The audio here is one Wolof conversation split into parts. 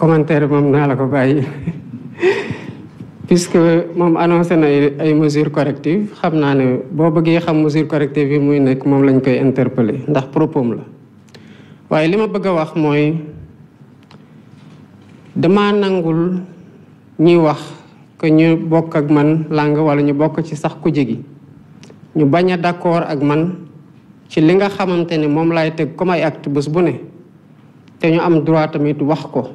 commentaire moom naa la ko bàyyi puisque moom annoncé na ay mesures correctives xam naa ne boo bëggee xam mesures correctives yi muy nekk moom lañ koy interpeller ndax propos la waaye li ma bëgg a wax mooy dama nangul ñi wax que ñu bokk ak man làng wala ñu bokk ci sax kuje gi ñu bañ a d'accord ak man ci li nga xamante ne moom laay comme ay acte bés bu ne te ñu am droit tamit wax ko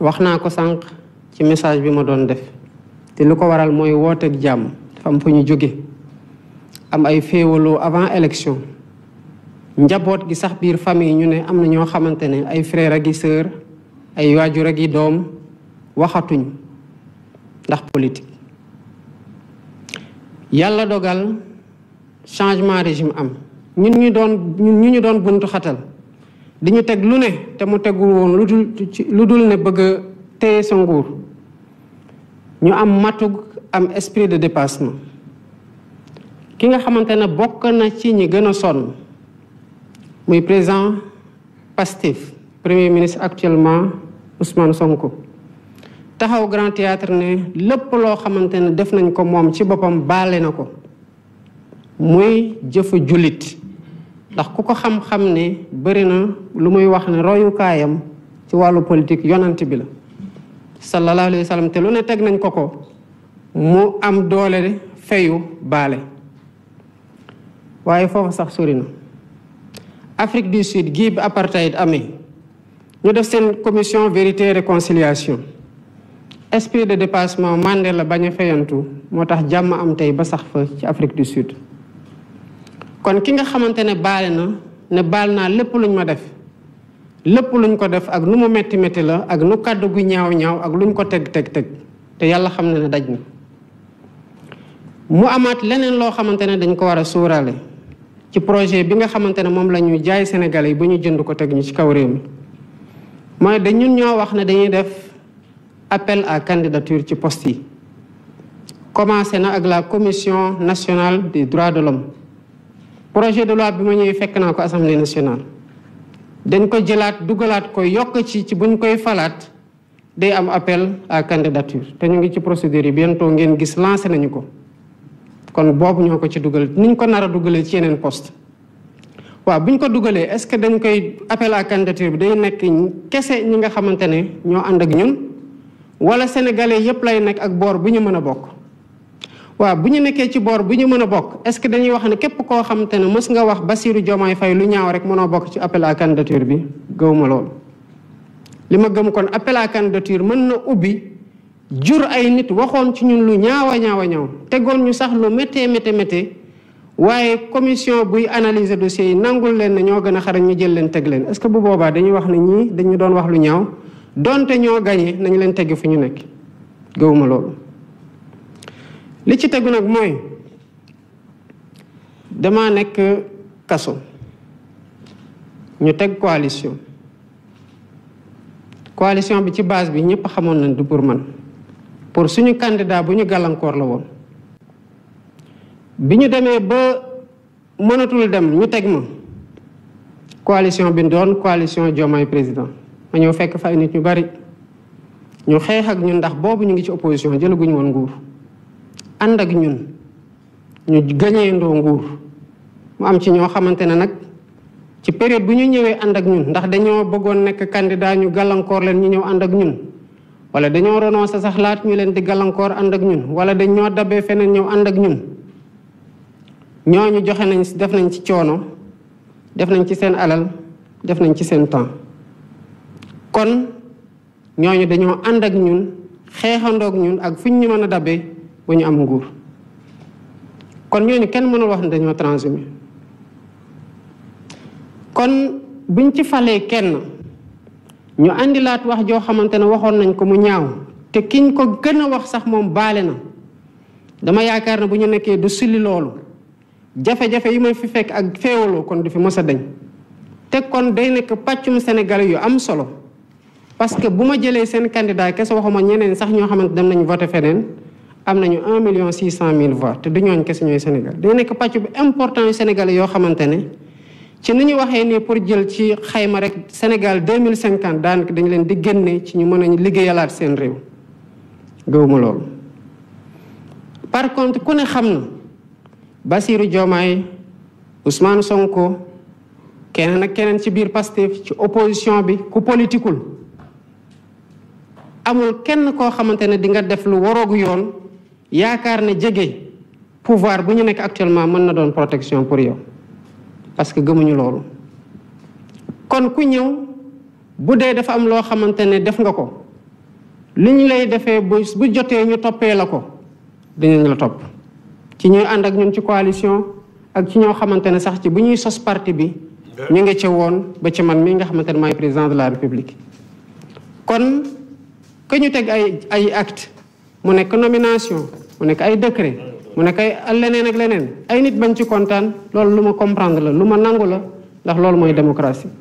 wax naa ko sànq ci message bi ma doon def te lu ko waral mooy wooteeg jàmm dafa am fa ñu jóge am ay féewaloo avant élection njaboot gi sax biir famille ñu ne am na ñoo xamante ne ay frère ak i sœur ay waajur ak i doom waxatuñ ndax politique yàlla dogal changement régime am ñun ñu doon ñun ñu ñu doon buntu xatal diñu ñu teg lu ne te mu tegul woon ludul dul lu dul ne bëgg a téye sa nguur ñu am matug am esprit de dépassement ki nga xamante ne bokk na ci ñi gën a sonn muy président pastif premier ministre actuellement Ousmane Sonko taxaw Grand Théâtre ne lépp loo xamante ne def nañ ko moom ci boppam baale na ko muy jëfu jullit ndax ku ko xam-xam ne bëri na lu muy wax ne royukaayam ci wàllu politique yonant bi la sallallahu alayhi wasallam te lu ne teg nañ ko ko mu am doole feyu baale waaye foofu sax sori na afrique du sud gii bi apartheid amee ñu def seen commission vérité et réconciliation esprit de dépassement mandela bañ a fayantu moo tax jàmm am tey ba sax fa ci afrique du sud kon ki nga xamante ne baale na ne baal naa lépp luñ ma def lépp luñ ko def ak nu mu metti metti la ak nu kàddu gu ñaaw ñaaw ak luñ ko teg teg teg te yàlla xam na ne daj na mu amaat leneen loo xamante ne dañ ko war a suuraale ci projet bi nga xamante ne moom la ñuy jaay Sénégalais yi ba ñu jënd ko teg ñu ci kaw réew mi mooy dañ ñoo wax ne dañuy def appel à candidature ci post yi commencé na ak la commission nationale de droits de l'homme projet de loi bi ma ñëwee fekk naa ko assemblée nationale dañ ko jëlaat dugalaat ko yokk ci ci buñ koy falaat day am appel à candidature te ñu ngi ci procédure yi bientôt ngeen gis lancé nañu ko kon boobu ñoo ko ci dugal niñ ko nar a dugalee ci yeneen poste waaw buñ ko dugalee est-ce que dañ koy appel a candidature bi day nekk kese ñi nga xamante ne ñoo ànd ak ñun wala sénégalais yépp lay nekk ak boor bu ñu mën a bokk waaw bu ñu nekkee ci boor bu ñu mën a bokk est-ce que dañuy wax ne képp koo xam te ne mës nga wax Bassirou Diomaye fay lu ñaaw rek mënoo bokk ci appel à candidature bi gëwuma loolu li ma gëm kon appel à candidature mën na ubbi jur ay nit waxoon ci ñun lu ñaaw ñaaw a ñaaw tegoon ñu sax lu méttee méttee méttee waaye commission buy analyser dossier yi nangul leen na ñoo gën a xarañ ñu jël leen teg leen est que bu boobaa dañuy wax ne ñii dañu doon wax lu ñaaw donte ñoo gañee nañu leen tegg fu ñu nekk gëwuma loolu li ci tegu nag mooy dama nekk kaso ñu teg coalition coalition bi ci base bi ñëpp xamoon nañ du pour man pour suñu candidat bu ñu gàllankoor la woon bi ñu demee ba mënatul dem ñu teg ma coalition bi doon coalition Diomaye président ma ñëw fekk fa nit ñu bari ñu xeex ak ñun ndax boobu ñu ngi ci opposition jëlaguñu woon nguur ànd ak ñun ñu gañeendoo nguur mu am ci ñoo xamante ne nag ci période bu ñu ñëwee ànd ak ñun ndax dañoo bëggoon nekk candidat ñu gàllankoor leen ñu ñëw ànd ak ñun wala dañoo renoncé sax laat ñu leen di gàllankoor ànd ak ñun wala dañoo dabe feneen ñëw ànd ak ñun ñooñu joxe nañ def nañ ci coono def nañ ci seen alal def nañ ci seen temps kon ñooñu dañoo ànd ak ñun xeexandoog ñun ak fuñ ñu mën a dabee bu ñu am nguur kon ñooñu kenn mënul wax ne dañoo transmis kon buñ ci falee kenn ñu andilaat wax joo xamante ne waxoon nañ ko mu ñaaw te kiñ ko gën a wax sax moom baale na dama yaakaar ne bu ñu nekkee du sulli loolu jafe-jafe yi may fi fekk ak feewaloo kon du fi mos a dañ te kon day nekk pàccum sénégalais yu am solo parce que bu ma jëlee seen candidat kese waxuma ñeneen sax ñoo xamante dem nañ voté feneen am nañu un million six cent mille voix te du ñooñ kese ñooy Sénégal day nekk pàcc bu important yu Sénégal yoo xamante ne ci ni ñu waxee ne pour jël ci xayma rek Sénégal deux mille cinquante daanaka dañu leen di génne ci ñu mën a liggéeyalaat seen réew gëwuma loolu. par contre ku ne xam na Bassirou Diomaye Ousmane Sonko keneen ak keneen ci biir Pastef ci opposition bi ku politikul amul kenn koo xamante ne di nga def lu waroogu yoon. yaakaar ne jege pouvoir bu ñu nekk actuellement mën na doon protection pour yow parce que gëmuñu loolu kon ku ñëw bu dee dafa am loo xamante ne def nga ko li ñu lay defee bu bu jotee ñu toppee la ko dinañ la topp ci ñuy ànd ak ñun ci coalition ak ci ñoo xamante ne sax ci bu ñuy sos parti bi ñu ngi ci woon ba ci man mi nga xamante ne maay président de la république kon que ñu teg ay ay acte mu nekk nomination mu nekk ay décret mu nekk ay leneen ak leneen ay nit bañ ci kontaan loolu lu ma comprendre la lu ma nangu la ndax loolu mooy démocratie